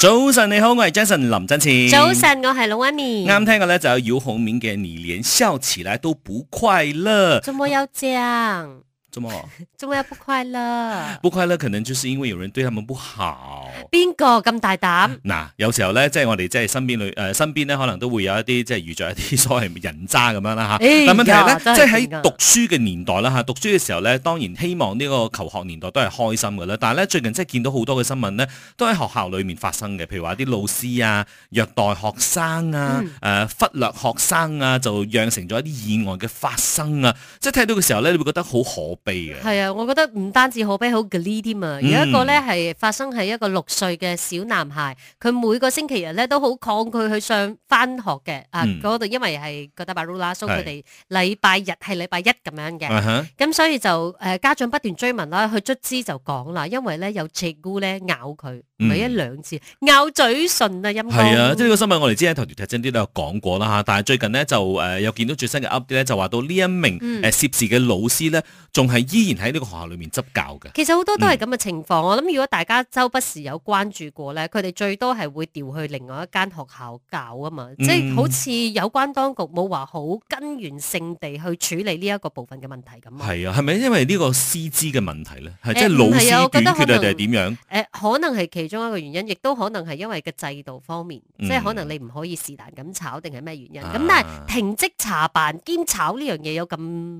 早晨，你好，我係 Jason 林振前。早晨，我係龍安妮。啱聽嘅呢就有姚鴻明嘅你連笑起來都不快樂。咁有獎。做乜？做乜 不快樂？不快樂肯定就是因為有人對他們不好。邊個咁大膽？嗱、啊，有時候咧，即、就、係、是、我哋即在身邊嘅誒身邊咧，可能都會有一啲即係遇著一啲所謂人渣咁樣啦吓。啊哎、但問題係咧，哎、即係喺讀書嘅年代啦吓、啊，讀書嘅時候咧，當然希望呢個求學年代都係開心噶啦。但係咧，最近即係見到好多嘅新聞咧，都喺學校裏面發生嘅，譬如話啲老師啊虐待學生啊，誒、嗯呃、忽略學生啊，就釀成咗一啲意外嘅發生啊。即係睇到嘅時候咧，你會覺得好可，可。係啊，我覺得唔單止可悲，好 glee 啲嘛。有一個咧係發生喺一個六歲嘅小男孩，佢每個星期日咧都好抗拒去上翻學嘅。啊，嗰度因為係個 double rule 啦，所以佢哋禮拜日係禮拜一咁樣嘅。咁所以就誒家長不斷追問啦，佢卒之就講啦，因為咧有 cikgu 咧咬佢，咪一兩次咬嘴唇啊陰公。係啊，即係個新聞我哋之前頭條踢真啲都有講過啦嚇，但係最近咧就誒又見到最新嘅 update 咧，就話到呢一名誒涉事嘅老師咧仲。係依然喺呢個學校裏面執教嘅。其實好多都係咁嘅情況，我諗如果大家周不時有關注過咧，佢哋最多係會調去另外一間學校教啊嘛。即係好似有關當局冇話好根源性地去處理呢一個部分嘅問題咁啊。係啊，係咪因為呢個師資嘅問題咧？係即係老師短缺定係點樣？誒，可能係其中一個原因，亦都可能係因為個制度方面，即係可能你唔可以是但咁炒，定係咩原因？咁但係停職查辦兼炒呢樣嘢有咁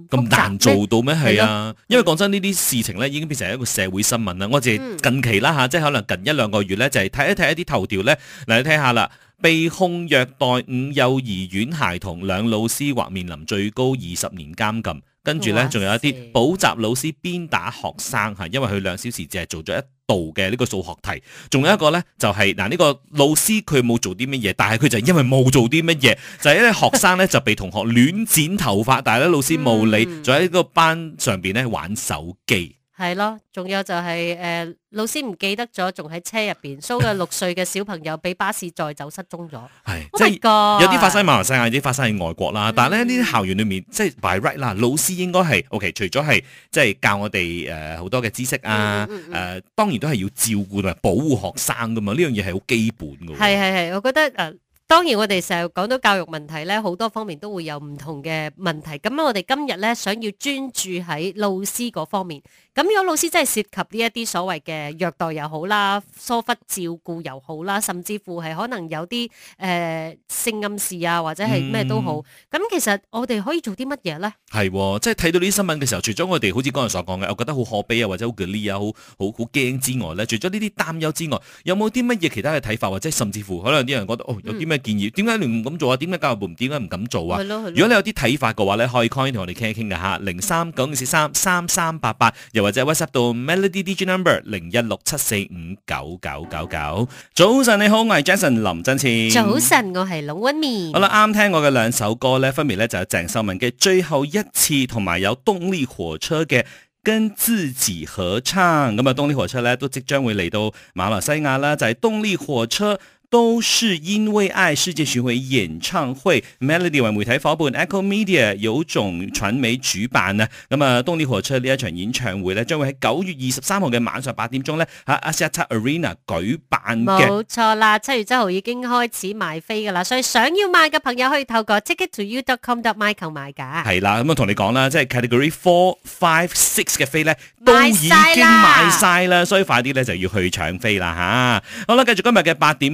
咁難做到咩？係啊。因為講真呢啲事情咧，已經變成一個社會新聞啦。我哋近期啦吓、嗯啊，即係可能近一兩個月咧，就係、是、睇一睇一啲頭條咧，嚟睇下啦。被控虐待五幼兒園孩童，兩老師或面臨最高二十年監禁。跟住呢，仲有一啲補習老師鞭打學生嚇，因為佢兩小時只係做咗一道嘅呢個數學題。仲有一個呢，就係嗱，呢個老師佢冇做啲乜嘢，但係佢就因為冇做啲乜嘢，就係因為學生呢 就被同學亂剪頭髮，但係咧老師冇理，喺呢個班上邊呢玩手機。係咯，仲有就係、是、誒、呃、老師唔記得咗，仲喺車入邊，所嘅六歲嘅小朋友俾巴士載走失蹤咗。係 是，真係、oh、有啲發生喺馬來西亞，有啲發生喺外國啦。嗯、但係咧，呢啲校園裡面即係 by right 啦，老師應該係 OK 除。除咗係即係教我哋誒好多嘅知識啊，誒、嗯嗯嗯呃、當然都係要照顧同埋保護學生㗎嘛。呢樣嘢係好基本㗎。係係係，我覺得誒。當然我哋成日講到教育問題咧，好多方面都會有唔同嘅問題。咁我哋今日咧想要專注喺老師嗰方面。咁如果老師真係涉及呢一啲所謂嘅虐待又好啦、疏忽照顧又好啦，甚至乎係可能有啲誒性暗示啊，或者係咩都好。咁其實我哋可以做啲乜嘢咧？係，即係睇到呢啲新聞嘅時候，除咗我哋好似剛才所講嘅，我覺得好可悲啊，或者好嗰啲啊，好好好驚之外咧，除咗呢啲擔憂之外，有冇啲乜嘢其他嘅睇法，或者甚至乎可能啲人覺得哦，有啲咩？建議點解你唔敢做啊？點解教育部門點解唔敢做啊？係咯，如果你有啲睇法嘅話咧，可以 call 我哋傾一傾嘅吓，零三九五四三三三八八，又或者 WhatsApp 到 Melody Digi Number 零一六七四五九九九九。早晨你好，我係 Jason 林振前。早晨，我係老温。好啦，啱聽我嘅兩首歌呢，分別呢就係鄭秀文嘅《最後一次》同埋有,有動力火車嘅《跟自己合唱》。咁、嗯、啊，動、嗯、力火車呢，都即將會嚟到馬來西亞啦，就係、是、動力火車。都是因為愛世界巡回演唱會 Melody 為媒體伙伴 Echo Media 有種傳媒主辦呢、啊。那麼動力火車呢一場演唱會咧，將會喺九月二十三號嘅晚上八點鐘咧喺 Axiata Arena 舉辦。冇錯啦，七月七號已經開始賣飛噶啦，所以想要買嘅朋友可以透過 ticket2u.com.my 買購買噶。係啦，咁我同你講啦，即係 category four、five、six 嘅飛咧都已經賣晒啦，所以快啲咧就要去搶飛啦吓。好啦，繼續今日嘅八點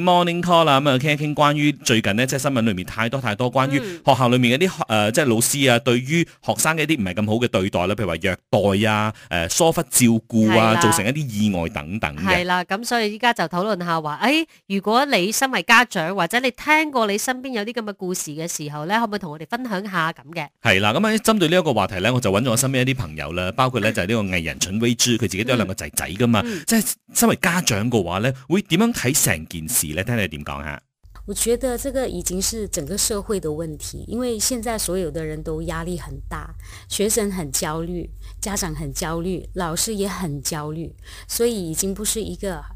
啦，咁啊傾一傾關於最近呢，即係新聞裏面太多太多關於學校裏面嗰啲誒，即係老師啊，對於學生嘅一啲唔係咁好嘅對待啦，譬如話虐待啊，誒、呃、疏忽照顧啊，造成一啲意外等等嘅。係啦，咁、嗯、所以依家就討論下話，誒、哎，如果你身為家長或者你聽過你身邊有啲咁嘅故事嘅時候咧，可唔可以同我哋分享下咁嘅？係啦，咁啊針對呢一個話題咧，我就揾咗我身邊一啲朋友啦，包括咧就係呢個藝人陳偉珠，佢自己都有兩個仔仔噶嘛，嗯嗯、即係身為家長嘅話咧，會點樣睇成件事咧？你點講啊，我覺得這個已經是整個社會的問題，因為現在所有的人都壓力很大，學生很焦慮，家長很焦慮，老師也很焦慮，所以已經不是一個。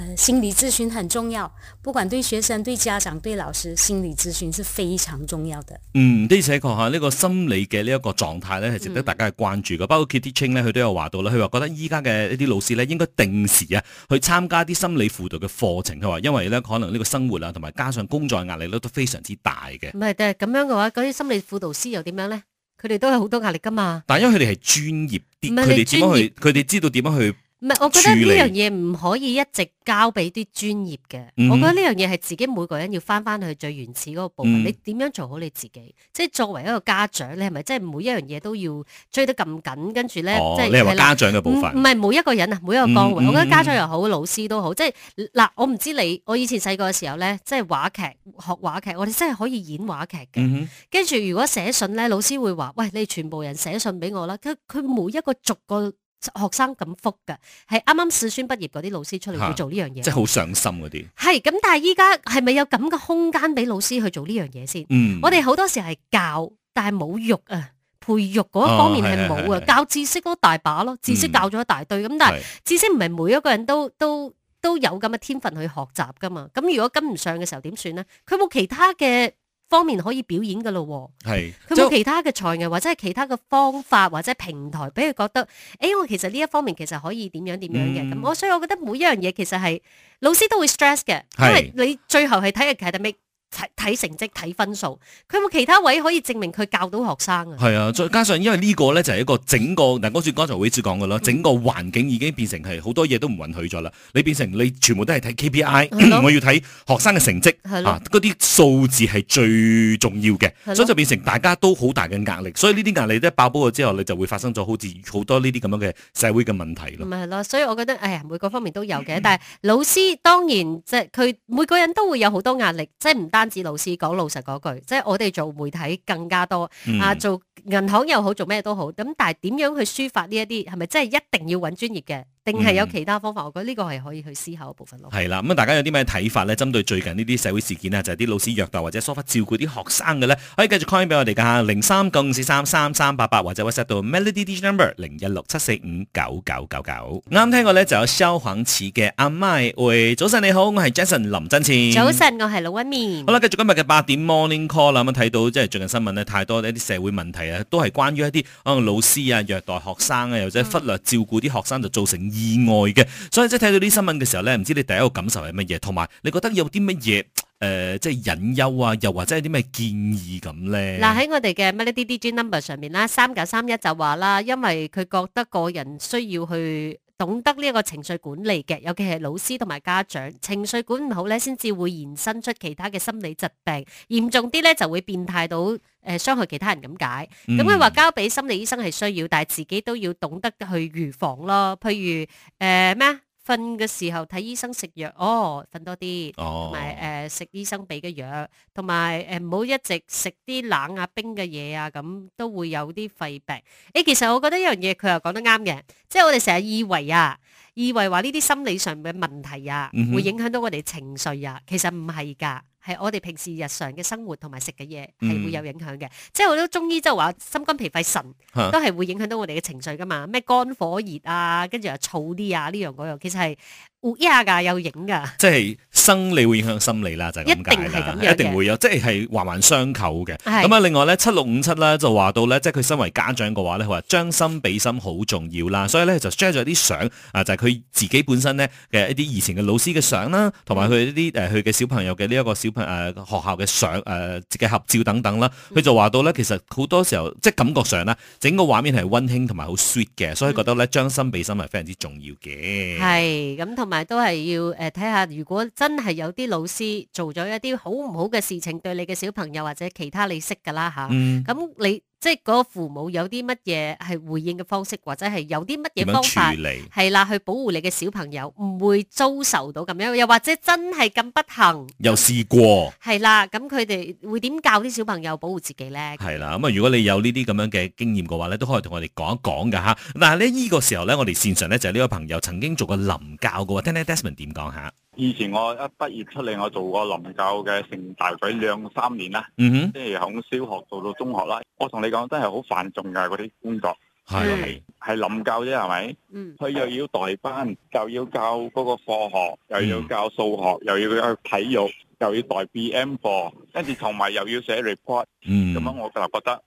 呃、心理諮詢很重要，不管對學生、對家長、對老師，心理諮詢是非常重要的。嗯，的而且確吓，呢、呢個心理嘅呢一個狀態咧，係值得大家去關注嘅。嗯、包括 Kitty Cheng 咧，佢都有話到啦，佢話覺得依家嘅一啲老師咧，應該定時啊去參加啲心理輔導嘅課程。佢話，因為咧可能呢個生活啊，同埋加上工作壓力咧都非常之大嘅。唔係，但係咁樣嘅話，嗰啲心理輔導師又點樣咧？佢哋都係好多壓力噶嘛。但係因為佢哋係專業啲，佢哋點樣去？佢哋知道點樣去？唔係，我覺得呢樣嘢唔可以一直交俾啲專業嘅。嗯、我覺得呢樣嘢係自己每個人要返返去最原始嗰個部分。嗯、你點樣做好你自己？即係作為一個家長，你係咪即係每一樣嘢都要追得咁緊？跟住咧，即係、哦就是、你話家長嘅部分。唔係、嗯、每一個人啊，每一個崗位。嗯、我覺得家長又好，嗯、老師都好。即係嗱，我唔知你。我以前細個嘅時候咧，即係話劇學話劇，我哋真係可以演話劇嘅。跟住、嗯、如果寫信咧，老師會話：喂，你全部人寫信俾我啦。佢佢每一個逐個。學生咁福嘅，係啱啱四專畢業嗰啲老師出嚟要做呢樣嘢，即係好上心嗰啲。係咁，但係依家係咪有咁嘅空間俾老師去做呢樣嘢先？嗯、我哋好多時係教，但係冇育啊，培育嗰一方面係冇啊。教知識都大把咯，知識教咗一大堆，咁但係知識唔係每一個人都都都有咁嘅天分去學習噶嘛。咁如果跟唔上嘅時候點算咧？佢冇其他嘅。方面可以表演嘅咯喎，佢冇是其他嘅才藝就或者係其他嘅方法或者平台俾佢覺得，誒、欸，我其實呢一方面其實可以點樣點樣嘅，咁、嗯、我所以我覺得每一樣嘢其實係老師都會 stress 嘅，是因為你最後係睇嘅，係 academic。睇成績睇分數，佢有冇其他位可以證明佢教到學生啊？係啊，再加上因為呢個咧就係一個整個，嗱好似剛才偉子講嘅啦，整個環境已經變成係好多嘢都唔允許咗啦。你變成你全部都係睇 KPI，我要睇學生嘅成績嗰啲咯、啊、數字係最重要嘅，咯所以就變成大家都好大嘅壓,咯壓力。所以呢啲壓力咧爆煲咗之後，你就會發生咗好似好多呢啲咁樣嘅社會嘅問題咯。咪係咯，所以我覺得哎呀每個方面都有嘅，但係老師當然即係佢每個人都會有好多壓力，即係唔單。單止老師講老實嗰句，即係我哋做媒體更加多、嗯、啊，做銀行又好，做咩都好。咁但係點樣去抒發呢一啲係咪真係一定要揾專業嘅？定係有其他方法，嗯、我覺得呢個係可以去思考一部分咯。係啦，咁、嗯、啊，大家有啲咩睇法咧？針對最近呢啲社會事件咧，就係、是、啲老師虐待或者疏忽照顧啲學生嘅咧，可以繼續 call 俾我哋㗎吓，零三九五四三三三八八，88，或者 WhatsApp 到 Melody Digital Number 零一六七四五九九九九。啱聽過咧，就有肖雄恆似嘅阿 May 喂，早晨你好，我係 Jason 林真前。早晨，我係老屈面。好啦，繼續今日嘅八點 Morning Call 啦、嗯。咁啊，睇到即係最近新聞呢，太多一啲社會問題啊，都係關於一啲可能老師啊虐待學生啊，或者忽略照顧啲學生就造成。 意外嘅，所以即係睇到啲新聞嘅時候咧，唔知你第一個感受係乜嘢，同埋你覺得有啲乜嘢，誒、呃，即係隱憂啊，又或者有啲咩建議咁、啊、咧？嗱，喺我哋嘅乜呢啲 DJ number 上面啦，三九三一就話啦，因為佢覺得個人需要去。懂得呢一個情緒管理嘅，尤其係老師同埋家長，情緒管唔好咧，先至會延伸出其他嘅心理疾病，嚴重啲咧就會變態到誒、呃、傷害其他人咁解。咁佢話交俾心理醫生係需要，但係自己都要懂得去預防咯，譬如誒咩？呃瞓嘅時候睇醫生食藥哦，瞓多啲，同埋誒食醫生俾嘅藥，同埋誒唔好一直食啲冷啊冰嘅嘢啊，咁都會有啲肺病。誒、欸，其實我覺得一樣嘢佢又講得啱嘅，即係我哋成日以為啊，以為話呢啲心理上嘅問題啊，嗯、哼會影響到我哋情緒啊，其實唔係噶。係我哋平時日常嘅生活同埋食嘅嘢係會有影響嘅，嗯、即係好多中醫即係話心肝脾肺腎、啊、都係會影響到我哋嘅情緒噶嘛，咩肝火熱啊，跟住又燥啲啊呢樣嗰樣，其實係活一下噶，有影噶。即係生理會影響心理啦，就係咁解嚇，一定，一定會有，即係係環環相扣嘅。咁啊是，另外咧七六五七咧就話到咧，即係佢身為家長嘅話咧，佢話將心比心好重要啦，所以咧就 share 咗啲相啊，就係、是、佢自己本身咧嘅一啲以前嘅老師嘅相啦，同埋佢一啲誒佢嘅小朋友嘅呢一個小。誒、呃，學校嘅相誒、嘅、呃、合照等等啦，佢就話到咧，其實好多時候即係感覺上咧，整個畫面係溫馨同埋好 sweet 嘅，所以覺得咧，將心比心係非常之重要嘅。係，咁同埋都係要誒、睇、呃、下如果真係有啲老師做咗一啲好唔好嘅事情，對你嘅小朋友或者其他你識㗎啦吓，咁、嗯、你。即係嗰個父母有啲乜嘢係回應嘅方式，或者係有啲乜嘢方法，係啦去保護你嘅小朋友唔會遭受到咁樣，又或者真係咁不幸。又試過係啦，咁佢哋會點教啲小朋友保護自己咧？係啦，咁啊，如果你有呢啲咁樣嘅經驗嘅話咧，都可以同我哋講一講噶吓。但係呢個時候咧，我哋線上咧就係呢位朋友曾經做過臨教嘅話，聽聽 Desmond 點講下。以前我一畢業出嚟，我做過臨教嘅成大仔兩三年啦，mm hmm。即係從小學做到中學啦。我同你講真係好繁重噶嗰啲工作，係係臨教啫係咪？佢、mm hmm。又要代班，又要教嗰個科學，又要教數學，又要教體育，又要代 B M 課，跟住同埋又要寫 report，mm。咁、hmm. 樣我就覺得。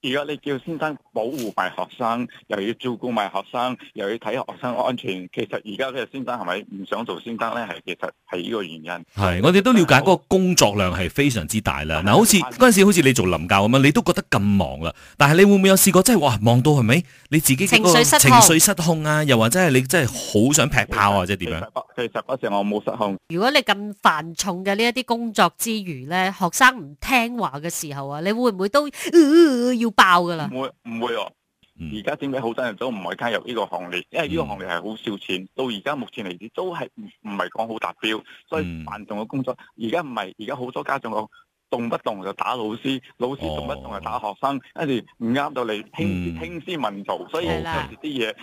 如果你叫先生保護埋學生，又要照顧埋學生，又要睇學生安全，其實而家嘅先生係咪唔想做先生咧？係其實係呢個原因。係我哋都了解嗰個工作量係非常之大啦。嗱、嗯，好似嗰陣時好似你做臨教咁樣，你都覺得咁忙啦。但係你會唔會有試過即係哇忙到係咪你自己情緒失控？情緒失控啊！又或者係你真係好想劈炮啊！即係點樣？其實嗰時我冇失控。如果你咁繁重嘅呢一啲工作之餘咧，學生唔聽話嘅時候啊，你會唔會都要？呃呃呃呃呃爆噶啦！唔會唔會哦！而家點解好多人都唔買加入呢個行列？因為呢個行業係好少錢，到而家目前為止都係唔唔係講好達標，所以繁重嘅工作。而家唔係，而家好多家長個。動不動就打老師，老師動不動就打學生，跟住唔啱到你興興師問道，所以有啲嘢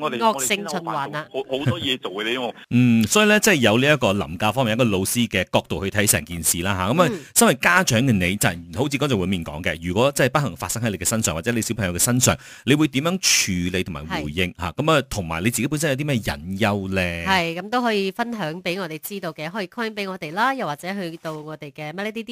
我哋我性循去啊，好多嘢做嘅你。嗯，所以咧，即、就、係、是、有呢一個臨教方面，一個老師嘅角度去睇成件事啦嚇。咁啊，嗯嗯、身為家長嘅你、就是，就好似嗰陣會面講嘅，如果即係不幸發生喺你嘅身上，或者你小朋友嘅身上，你會點樣處理同埋回應嚇？咁是啊，同埋你自己本身有啲咩引誘咧？係咁都可以分享俾我哋知道嘅，可以 call 俾我哋啦，又或者去到我哋嘅 d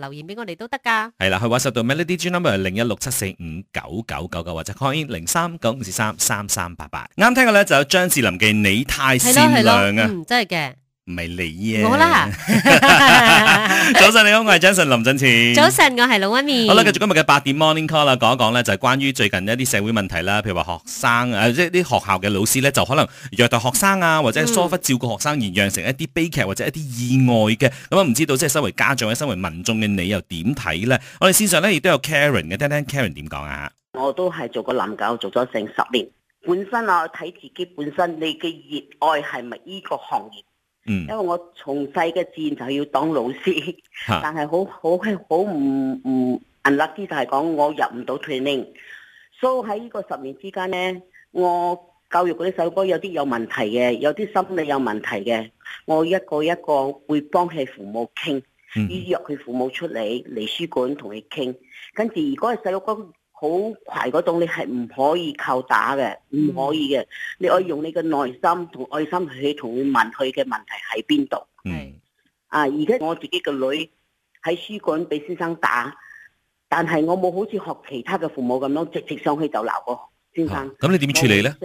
留言俾我哋都得噶，係啦，去話受到 Melody number 零一六七四五九九九九或者 call in 零三九五四三三三八八，啱聽嘅咧就有張智霖嘅你太善良啊，嗯，真係嘅。唔係你啊 son！好啦，um，早晨你好，我係 Jason 林振前。早晨，我係老屈面。好啦，繼續今日嘅八點 Morning Call 啦，講一講咧就係關於最近一啲社會問題啦，譬如話學生誒，呃，即係啲學校嘅老師咧，就可能虐待學生啊，或者疏忽照顧學生，而釀成一啲悲劇或者一啲意外嘅。咁，嗯，啊，唔，嗯、知道即係身為家長嘅，身為民眾嘅你又點睇咧？我哋線上咧亦都有 Karen 嘅，聽聽 Karen 點講啊！我都係做過臨教，做咗成十年。本身啊，睇自己本身你嘅熱愛係咪呢個行業？因為我從細嘅志向，就要當老師，但係好好係好唔唔嚴啲，就係講我入唔到 training。所以喺呢個十年之間咧，我教育嗰啲細路哥有啲有問題嘅，有啲心理有問題嘅，我一個一個會幫佢父母傾，邀約佢父母出嚟，嚟書館同佢傾。跟住如果係細路哥，好攰嗰種，你係唔可以靠打嘅，唔可以嘅。你可以用你嘅耐心同愛心去同佢問佢嘅問題喺邊度。嗯是。啊！而家我自己個女喺書館俾先生打，但係我冇好似學其他嘅父母咁樣直直上去就鬧個先生，咁、啊、你點處理咧？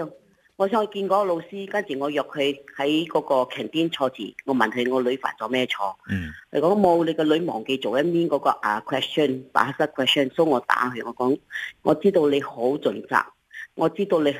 我想去見嗰個老師，跟住我約佢喺嗰個 canteen 坐住。我問佢我女犯咗咩錯？嗯，佢講冇，你個女忘記做一邊嗰個啊 question，把失 question，所以我打佢。我講我知道你好盡責，我知道你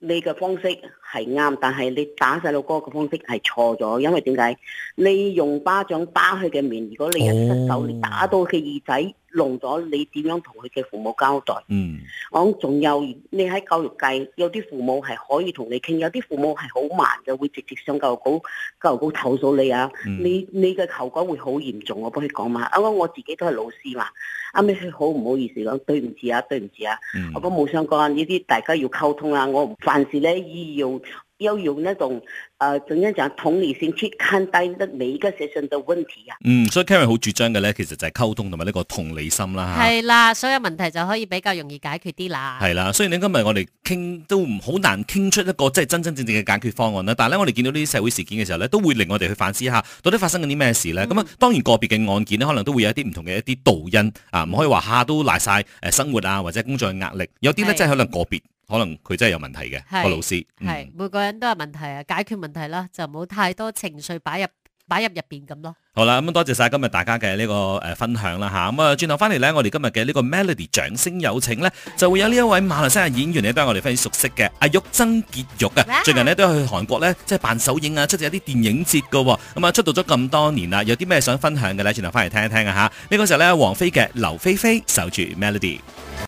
你嘅方式係啱，但係你打細路哥嘅方式係錯咗，因為點解？你用巴掌巴佢嘅面，如果你一失手，哦、你打到佢耳仔。弄咗，你點樣同佢嘅父母交代？嗯，我仲有你喺教育界，有啲父母係可以同你傾，有啲父母係好慢就會直接上教育局，教育局投訴你啊！嗯、你你嘅後果會好嚴重，我幫你講嘛。啱啱我自己都係老師嘛，啱啱佢好唔好意思講，對唔住啊，對唔住啊，啊嗯、我講冇相干呢啲，大家要溝通啊！我凡事咧，要。要有呢種，誒，怎樣講同理性，去看待那每一個學生的問題啊？嗯，所以 Karen 好主張嘅咧，其實就係溝通同埋呢個同理心啦，吓。係啦，所有問題就可以比較容易解決啲啦。係啦，雖然咧今日我哋傾都唔好難傾出一個即係真真正正嘅解決方案啦，但係咧我哋見到呢啲社會事件嘅時候咧，都會令我哋去反思下到底發生緊啲咩事咧。咁啊、嗯，當然個別嘅案件咧，可能都會有一啲唔同嘅一啲導因啊，唔可以話下都賴晒誒生活啊或者工作嘅壓力，有啲咧真係可能個別。可能佢真係有問題嘅，個是老師係是、嗯、每個人都有問題啊，解決問題啦，就唔好太多情緒擺入擺入入面咁咯。好啦，咁、嗯、多謝晒今日大家嘅呢、這個誒、呃、分享啦吓，咁啊轉頭翻嚟咧，我哋今日嘅呢個 Melody 掌聲有請咧，就會有呢一位馬來西亞演員咧，都係我哋非常熟悉嘅阿玉曾潔玉啊，哇最近呢，都去韓國咧即係辦首映啊，出席一啲電影節噶、啊，咁、嗯、啊出道咗咁多年啦，有啲咩想分享嘅咧，轉頭翻嚟聽一聽，一聽啊吓，呢個時候咧黃菲嘅劉菲菲守住 Melody。